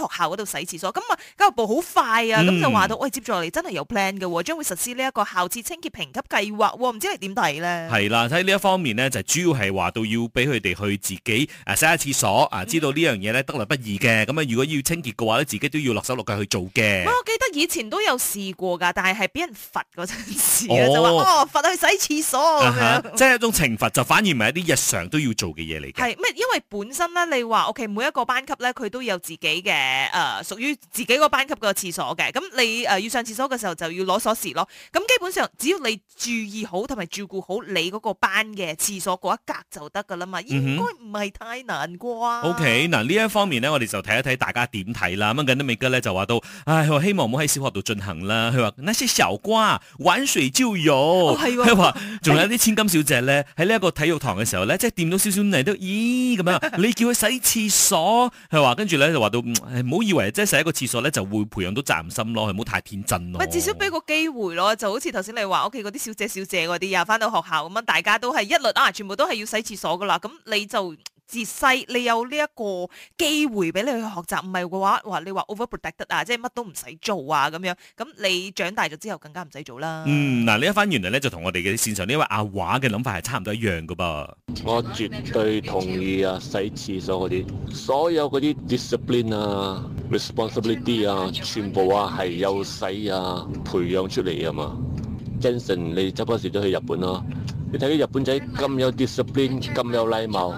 學校嗰度洗廁所，咁啊教育部好快啊，咁、嗯、就話到我哋、哎、接住嚟真係有 plan 嘅，將會實施呢一個校廁清潔評級計劃，唔、哦、知你點睇咧？係啦，睇呢一方面咧，就是、主要係話到要俾佢哋去自己啊洗下廁所啊、嗯，知道呢樣嘢咧得來不易嘅，咁啊如果要清潔嘅話咧，自己都要落手落腳去做嘅。我記得以前都有試過噶，但係係俾人罰嗰陣時、哦、就話哦罰去洗廁所、啊、即係一種懲罰，就反而唔係一啲日常都要做嘅嘢嚟嘅。係咩？因為本身咧，你話 OK，每一個班級咧，佢都有自己嘅。誒、呃、誒，屬於自己個班級個廁所嘅，咁你誒、呃、要上廁所嘅時候就要攞鎖匙咯。咁基本上只要你注意好同埋照顧好你嗰個班嘅廁所嗰一格就得噶啦嘛，應該唔係太難啩啊。O K，嗱呢一方面呢，我哋就睇一睇大家點睇啦。咁嘢都未吉咧，就話到，唉，佢話希望唔好喺小學度進行啦。佢話那些小瓜玩水就有，佢話仲有啲千金小姐咧喺呢一個體育堂嘅時候咧，即係掂到少少泥都咦咁樣。你叫佢洗廁所，佢 話跟住咧就話到。唔好以為即係洗一個廁所咧，就會培養到責任心咯。唔好太天真咯。喂，至少俾個機會咯，就好似頭先你話屋企嗰啲小姐小姐嗰啲，呀，翻到學校咁樣，大家都係一律啊，全部都係要洗廁所噶啦。咁你就。自細你有呢一個機會俾你去學習，唔係嘅話，話你話 overprotect 啊，即係乜都唔使做啊，咁樣咁你長大咗之後更加唔使做啦。嗯，嗱，你一翻原來咧就同我哋嘅線上呢位阿華嘅諗法係差唔多一樣噶噃。我絕對同意啊，洗廁所嗰啲所有嗰啲 discipline 啊，responsibility 啊，全部啊係由洗啊培養出嚟啊嘛。Jenson，你周不時都去日本咯？你睇啲日本仔咁有 discipline，咁有禮貌。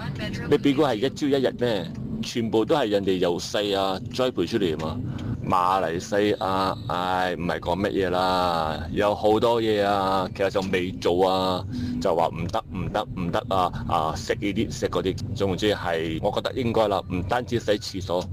你比過係一朝一日咩？全部都係人哋由細啊栽培出嚟嘛。馬來西亞，唉、哎，唔係講乜嘢啦，有好多嘢啊，其實就未做啊，就話唔得唔得唔得啊啊！食呢啲食嗰啲，總之係，我覺得應該啦，唔單止洗廁所。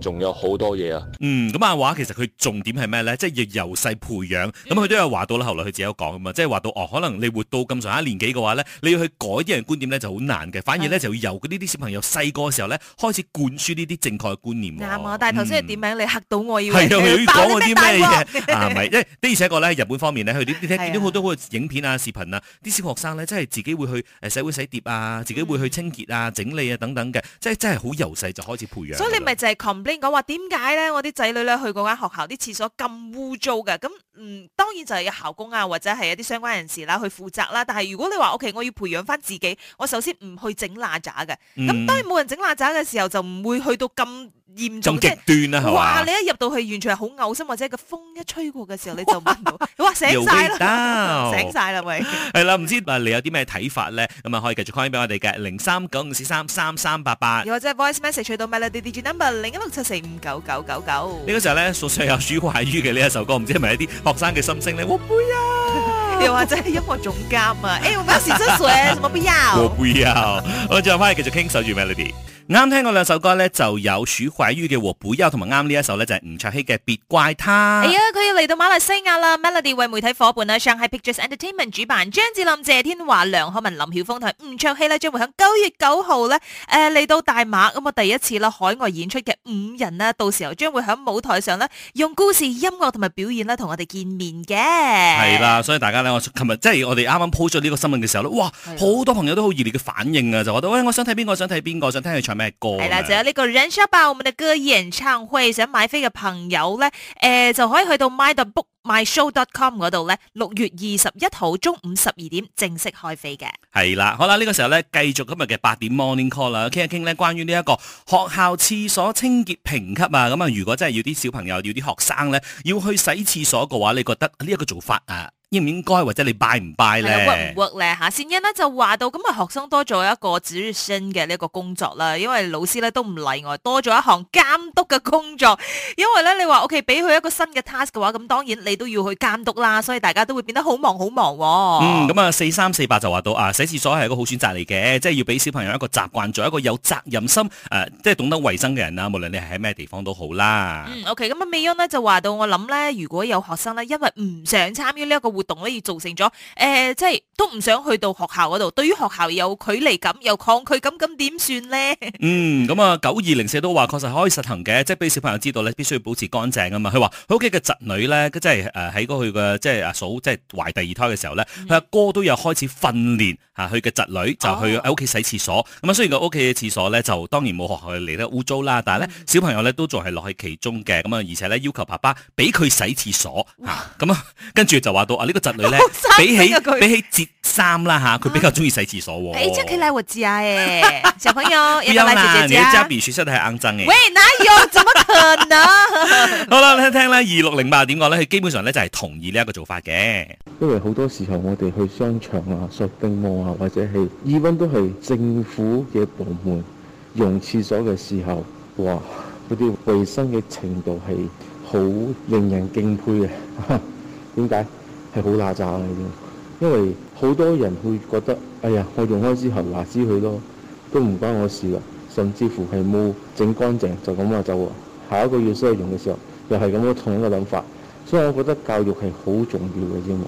仲有好多嘢啊！嗯，咁、嗯嗯、啊話，其實佢重點係咩咧？即係要由細培養，咁、嗯、佢、嗯、都有話到啦。後來佢自己有講咁啊，即係話到哦，可能你活到咁上下年紀嘅話咧，你要去改啲人觀點咧就好難嘅。反而咧、嗯、就會由呢啲小朋友細個嘅時候咧開始灌輸呢啲正確嘅觀念。啱、嗯、啊！但頭先點樣？你嚇到我以、啊、要講啲咩嘢？係咪？即係的而且確咧，日本方面咧，佢你你睇見到好多嗰個影片啊、視頻啊，啲 小學生咧，真係自己會去洗碗洗碟啊、嗯，自己會去清潔啊、整理啊等等嘅，即係真係好由細就開始培養。所以你咪就係你講話點解咧？我啲仔女咧去嗰間學校啲廁所咁污糟嘅？咁嗯，當然就係校工啊，或者係一啲相關人士啦、啊，去負責啦、啊。但係如果你話，OK，我要培養翻自己，我首先唔去整邋遢嘅。咁當然冇人整邋遢嘅時候，就唔會去到咁。嚴重極端啦係哇！你一入到去完全係好嘔心，或者個風一吹過嘅時候你就聞到哇醒曬啦，醒曬啦喂！係啦，唔知誒你有啲咩睇法咧？咁啊可以繼續 call in 俾我哋嘅零三九五四三三三八八，又或者 voice message 到 melody D G number 零一六七四五九九九九。呢個時候咧，宿舍有抒懷於嘅呢一首歌，唔知係咪一啲學生嘅心聲咧？我不要，又或者係音樂總監啊？誒，我有時真係，我唔要，我不要。我仲有翻嚟繼續聽首曲 melody。啱聽過兩首歌咧，就有鼠鬼於嘅《和無憂》，同埋啱呢一首咧就係吳卓羲嘅《別怪他》。哎呀，佢要嚟到馬來西亞啦！Melody 為媒體夥伴啊，上係 Pictures Entertainment 主辦，張智霖、謝天華、梁漢文、林曉峰同吳卓羲呢將會喺九月九號呢誒嚟，呃、到大馬咁啊，嗯，第一次啦海外演出嘅五人咧，到時候將會喺舞台上呢用故事、音樂同埋表演啦同我哋見面嘅。係啦，所以大家呢，我琴日即係我哋啱啱 post 咗呢個新聞嘅時候咧，哇，好多朋友都好熱烈嘅反應啊，就覺得喂，我想睇邊個，想睇邊個，想聽佢唱。係啦，仲有呢個人生吧，我們的歌演唱會想買飛嘅朋友咧，誒，就可以去到 mybookmyshow.com 嗰度咧，六月二十一號中午十二點正式開飛嘅。係啦，好啦，呢個時候咧，繼續今日嘅八點 Morning Call 啦，傾一傾咧，關於呢一個學校廁所清潔評級啊，咁啊，如果真係要啲小朋友，要啲學生咧，要去洗廁所嘅話，你覺得呢一個做法啊？應唔應該或者你拜唔拜咧？屈唔屈咧？吓，善欣咧就話到咁啊，學生多咗一個 assistant 嘅呢一個工作啦，因為老師咧都唔例外，多咗一項監督嘅工作。因為咧，你話 O.K. 俾佢一個新嘅 task 嘅話，咁當然你都要去監督啦，所以大家都會變得好忙好忙。嗯，咁啊，四三四八就話到啊，洗廁所係一個好選擇嚟嘅，即係要俾小朋友一個習慣，做一個有責任心誒、呃，即係懂得衛生嘅人啦。無論你係喺咩地方都好啦。OK 咁啊，okay, 美英呢就話到，我諗咧，如果有學生咧，因為唔想參與呢一個會活動咧而造成咗誒、呃，即係都唔想去到學校嗰度，對於學校有距離感，有抗拒感，咁點算呢？嗯，咁啊，九二零四都話確實可以實行嘅，即係俾小朋友知道咧，必須要保持乾淨啊嘛。佢話佢屋企嘅侄女咧，即係誒喺嗰佢嘅即係阿、啊、嫂即係懷、啊、第二胎嘅時候咧，佢、嗯、阿哥都有開始訓練吓，佢、啊、嘅侄女就去喺屋企洗廁所。咁、哦、啊、嗯，雖然佢屋企嘅廁所咧就當然冇學校嚟得污糟啦，但係咧、嗯、小朋友咧都仲係落喺其中嘅，咁啊而且咧要求爸爸俾佢洗廁所啊，咁啊跟住就話到呢個侄女咧，比起比起折衫啦嚇，佢比較中意洗廁所喎。哎，真可以嚟我家誒，小朋友又嚟姐姐家。Bobby，你真係説出嚟係啱真嘅。喂，哪有？怎麼可能？好啦，聽聽啦，二六零八點講咧，佢基本上咧就係同意呢一個做法嘅。因為好多時候，我哋去商場啊、shopping mall 啊，或者係醫院，都係政府嘅部門用廁所嘅時候，哇，嗰啲衞生嘅程度係好令人敬佩嘅。點解？係好邋遢嘅，因為好多人會覺得：哎呀，我用開之後話之佢咯，都唔關我事啦。甚至乎係冇整乾淨就咁啊走。下一個月需要用嘅時候，又係咁嘅同一個諗法。所以，我覺得教育係好重要嘅啫嘛。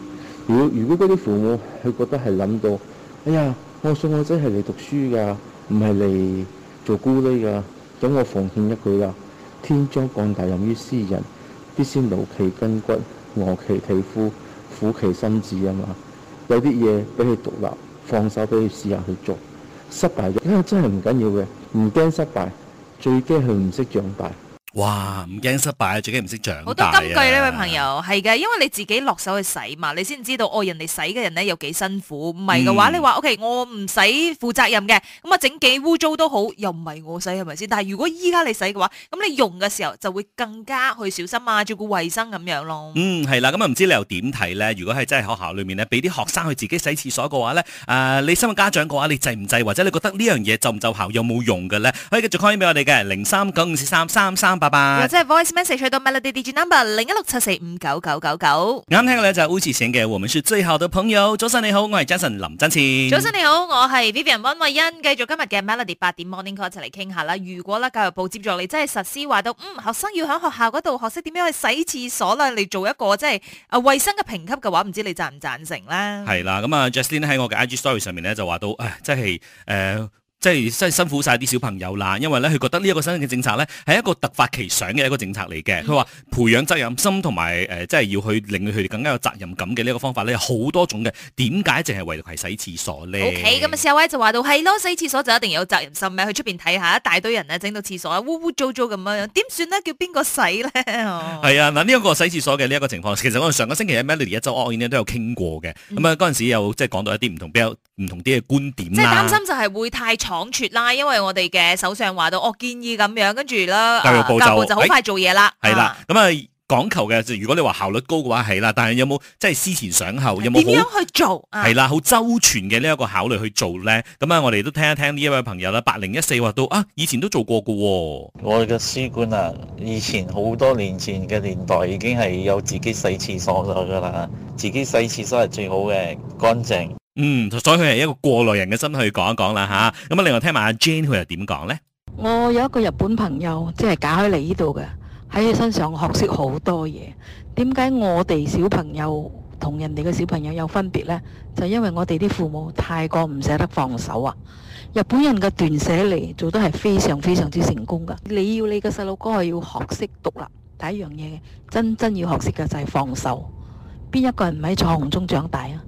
如果如果嗰啲父母佢覺得係諗到：哎呀，我送我仔係嚟讀書㗎，唔係嚟做咕喱㗎。咁我奉獻一句啊：天將降大任於斯人，必先勞其筋骨，餓其體膚。苦其心志啊嘛，有啲嘢俾佢獨立，放手俾佢試下去做，失敗嘅，因為真係唔緊要嘅，唔驚失敗，最驚佢唔識長大。哇！唔驚失敗，最驚唔識長大啊！好多金句呢位朋友係嘅，因為你自己落手去洗嘛，你先知道哦。人哋洗嘅人咧又幾辛苦，唔係嘅話，你話 O K，我唔使負責任嘅，咁啊整幾污糟都好，又唔係我洗係咪先？但係如果依家你洗嘅話，咁你用嘅時候就會更加去小心啊，照顧衛生咁樣咯。嗯，係啦，咁啊唔知你又點睇咧？如果係真係學校裏面咧，俾啲學生去自己洗廁所嘅話咧，誒，你身為家長嘅話，你制唔制？或者你覺得呢樣嘢就唔就效，有冇用嘅咧？可以繼續 call 俾我哋嘅零三九五四三三三。拜拜！又即係 voice message 去到 Melody Digi number 零一六七四五九九九九。啱、嗯、聽嘅咧就烏節嘅，我們是最好的朋友。早晨你好，我係 Jason 林振前。早晨你好，我係 Vivian 溫慧欣。繼續今日嘅 Melody 八點 Morning Call 一齊嚟傾下啦。如果啦教育部接住你真係實施話到，嗯，學生要喺學校嗰度學識點樣去洗廁所啦，嚟做一個即係啊衛生嘅評級嘅話，唔知你贊唔贊成啦。係啦，咁、嗯、啊 Justin 喺我嘅 IG Story 上面咧就話到，唉，即係誒。呃即係真係辛苦晒啲小朋友啦，因為咧佢覺得呢一個新嘅政策咧係一個突發奇想嘅一個政策嚟嘅。佢、嗯、話培養責任心同埋誒，即係要去令佢哋更加有責任感嘅呢一個方法咧，好多種嘅。點解淨係唯獨係洗廁所咧？O K，咁啊 Sir 就話到係咯，洗廁所就一定有責任心去出邊睇下，一大堆人整到廁所污污糟糟咁樣樣，點算呢？叫邊個洗咧？係 啊，嗱呢一個洗廁所嘅呢一個情況，其實我哋上個星期喺 Melody 一周我都有傾過嘅。咁啊嗰陣時有即係講到一啲唔同比較唔同啲嘅觀點即係擔心就係會太講絕啦，因為我哋嘅首相話到，我、哦、建議咁樣，跟住啦，教育部就好快做嘢啦。係、哎、啦，咁啊講求嘅，就，如果你話效率高嘅話，係啦。但係有冇即係思前想後，有冇點樣去做？係、啊、啦，好周全嘅呢一個考慮去做咧。咁啊，我哋都聽一聽呢一位朋友啦。八零一四話到啊，以前都做過噶、哦。我哋嘅書館啊，以前好多年前嘅年代，已經係有自己洗廁所咗噶啦。自己洗廁所係最好嘅，乾淨。嗯，所以佢係一個過來人嘅心去講一講啦吓。咁、啊、另外聽埋阿 Jane 佢又點講呢？我有一個日本朋友，即係嫁喺你呢度嘅，喺佢身上學識好多嘢。點解我哋小朋友同人哋嘅小朋友有分別呢？就因為我哋啲父母太過唔捨得放手啊！日本人嘅斷捨離做得係非常非常之成功噶。你要你嘅細路哥係要學識獨立，第一樣嘢真真要學識嘅就係放手。邊一個人唔喺彩虹中長大啊？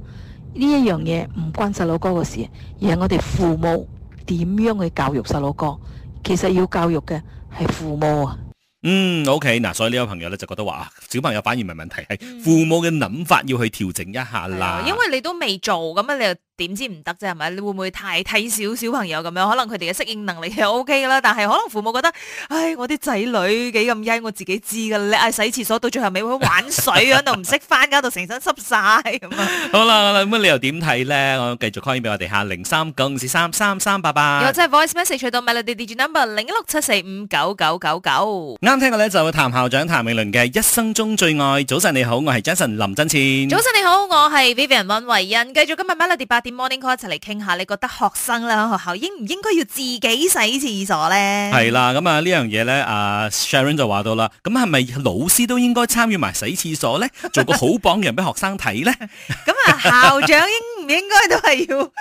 呢一樣嘢唔關細佬哥嘅事，而係我哋父母點樣去教育細佬哥。其實要教育嘅係父母啊。嗯，OK，嗱，所以呢位朋友咧就覺得話，小朋友反而唔係問題，係父母嘅諗法要去調整一下啦、嗯。因為你都未做，咁樣你又。點知唔得啫係咪？你會唔會太睇小小朋友咁樣？可能佢哋嘅適應能力係 O K 啦，但係可能父母覺得，唉，我啲仔女幾咁曳，我自己知噶啦。唉，洗廁所到最後尾會玩水，喺度唔識翻，喺度成身濕晒咁啊！好啦，咁啊，你又點睇咧？我繼續 call 翻俾我哋吓零三九五四三三三八八，或者 voice message 到 Melody Digital Number 零一六七四五九九九九。啱聽嘅咧就譚校長譚詠麟嘅一生中最愛。早晨你好，我係 Jason 林振千。早晨你好，我係 Vivian 温慧欣。繼續今日 Melody 八。啲 morning call 一齊嚟傾下，你覺得學生咧喺學校應唔應該要自己洗廁所咧？係啦，咁啊呢樣嘢咧，阿 Sharon 就話到啦，咁係咪老師都應該參與埋洗廁所咧，做個好榜樣俾學生睇咧？咁 啊校長應唔應該都係要的？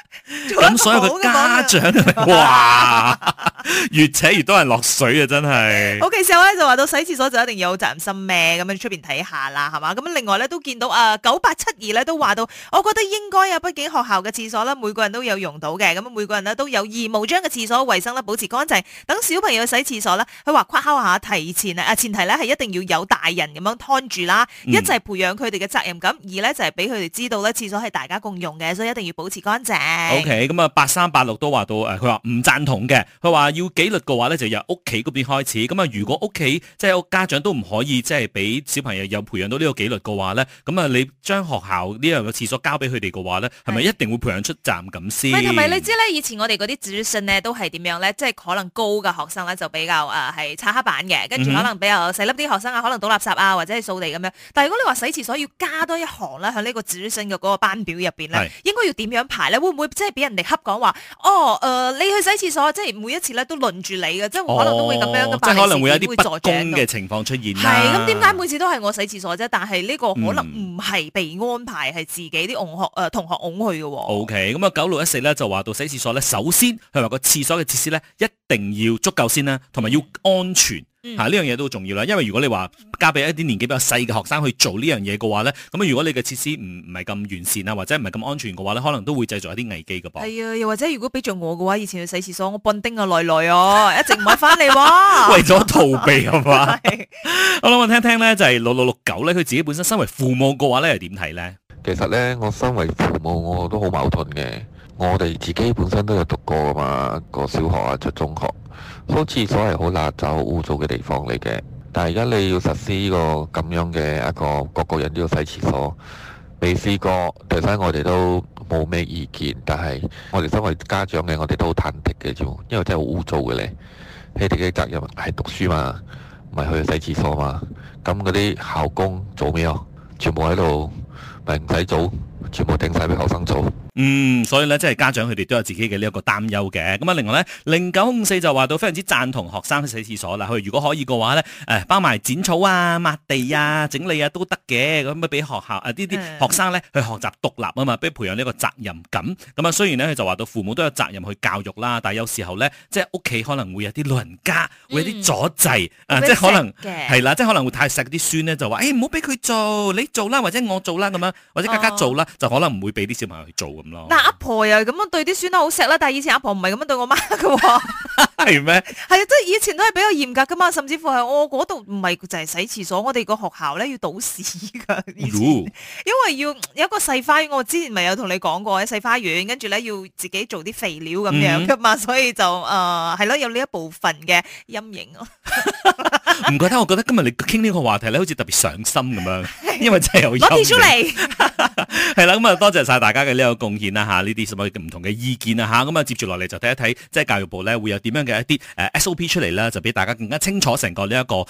咁所有嘅家長哇， 越扯越多人落水啊！真係。OK，小威就話到洗廁所就一定要有責任心咩？咁樣出邊睇下啦，係嘛？咁另外咧都見到啊九八七二咧都話到，我覺得應該啊，畢竟學校嘅。廁所啦，每個人都有用到嘅，咁每個人咧都有義務將個廁所衛生咧保持乾淨。等小朋友洗廁所咧，佢話誇敲下，提前啊，前提咧係一定要有大人咁樣拖住啦、嗯，一就係培養佢哋嘅責任感，二咧就係俾佢哋知道咧廁所係大家共用嘅，所以一定要保持乾淨。O K，咁啊八三八六都話到誒，佢話唔讚同嘅，佢話要紀律嘅話咧就由屋企嗰邊開始。咁啊如果屋企即係家長都唔可以即係俾小朋友有培養到呢個紀律嘅話咧，咁啊你將學校呢樣嘅廁所交俾佢哋嘅話咧，係咪一定會？培養出站咁先。唔係同埋你知咧，以前我哋嗰啲值日生咧都係點樣咧？即係可能高嘅學生咧就比較啊係擦黑板嘅，跟住可能比較細粒啲學生啊，可能倒垃圾啊或者係掃地咁樣。但係如果你話洗廁所要加多一行咧，喺呢個值日生嘅嗰個班表入邊咧，應該要點樣排咧？會唔會即係俾人哋恰講話？哦，誒、呃、你去洗廁所，即係每一次咧都輪住你嘅，即係可能都會咁樣嘅。即、哦、係可能會有啲不公嘅情況出現。係咁點解每次都係我洗廁所啫？但係呢個可能唔係被安排，係自己啲同學誒、呃、同學㧬去嘅喎、哦。O K，咁啊，九六一四咧就話到洗廁所咧，首先佢話個廁所嘅設施咧一定要足夠先啦，同埋要安全吓，呢、嗯啊、樣嘢都重要啦。因為如果你話交俾一啲年紀比較細嘅學生去做樣呢樣嘢嘅話咧，咁如果你嘅設施唔唔係咁完善啊，或者唔係咁安全嘅話咧，可能都會製造一啲危機嘅噃。係啊，又或者如果俾着我嘅話，以前去洗廁所，我笨丁來來啊，來來哦，一直唔係翻嚟， 為咗逃避係嘛？ 係唔係 好啦我聽聽咧，就係六六六九咧，佢自己本身身為父母嘅話咧，係點睇咧？其實呢，我身為父母，我都好矛盾嘅。我哋自己本身都有讀過嘛，個小學啊，出中學，好廁所係好邋糟、好污糟嘅地方嚟嘅。但係而家你要實施呢個咁樣嘅一個，個個人都要洗廁所，未試過，其實我哋都冇咩意見。但係我哋身為家長嘅，我哋都好忐忑嘅啫，因為真係好污糟嘅呢。佢哋嘅責任係讀書嘛，唔係去洗廁所嘛。咁嗰啲校工做咩啊？全部喺度。唔係唔使做，全部頂晒俾後生做。嗯，所以咧，即係家長佢哋都有自己嘅呢一個擔憂嘅。咁啊，另外咧，零九五四就話到非常之贊同學生去洗廁所啦。佢如果可以嘅話咧，誒、呃，包埋剪草啊、抹地啊、整理啊都得嘅。咁啊，俾學校啊呢啲學生咧去學習獨立啊嘛，俾培養呢個責任感。咁啊，雖然咧佢就話到父母都有責任去教育啦，但係有時候咧，即係屋企可能會有啲老人家會有啲阻滯、嗯、啊，即係可能係啦，即係可能會太錫嗰啲孫咧就話，誒、欸，唔好俾佢做，你做啦，或者我做啦，咁樣或者家家做啦，哦、就可能唔會俾啲小朋友去做。嗱，阿婆又咁樣對啲孫都好錫啦，但係以前阿婆唔係咁樣對我媽噶喎，係 咩？係啊，即係以前都係比較嚴格噶嘛，甚至乎係我嗰度唔係淨係洗廁所，我哋個學校咧要倒屎噶，因為要有一個細花園，我之前咪有同你講過喺細花園，跟住咧要自己做啲肥料咁樣噶嘛、嗯嗯，所以就誒係咯，有呢一部分嘅陰影咯。 唔 怪得，我覺得今日你傾呢個話題咧，好似特別上心咁樣，因為真係有 掉出嚟。 係啦，咁啊多謝晒大家嘅呢個貢獻啦吓，呢啲什麼唔同嘅意見啊吓，咁、嗯、啊接住落嚟就睇一睇，即、就、係、是、教育部咧會有點樣嘅一啲誒 SOP 出嚟啦，就俾大家更加清楚成個呢一個誒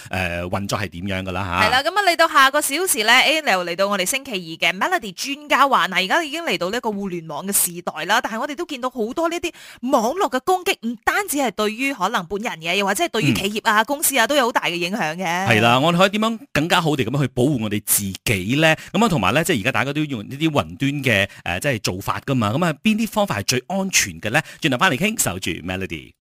運作係點樣噶啦吓。係、啊、啦，咁啊嚟到下個小時咧，誒又嚟到我哋星期二嘅 Melody 專家話嗱，而家已經嚟到呢個互聯網嘅時代啦，但係我哋都見到好多呢啲網絡嘅攻擊，唔單止係對於可能本人嘅，又或者係對於企業啊、公司啊都有好大。大嘅影響嘅，係啦，我哋可以點樣更加好地咁樣去保護我哋自己咧？咁啊，同埋咧，即係而家大家都用呢啲雲端嘅誒，即係做法噶嘛。咁啊，邊啲方法係最安全嘅咧？轉頭翻嚟傾，守住 Melody。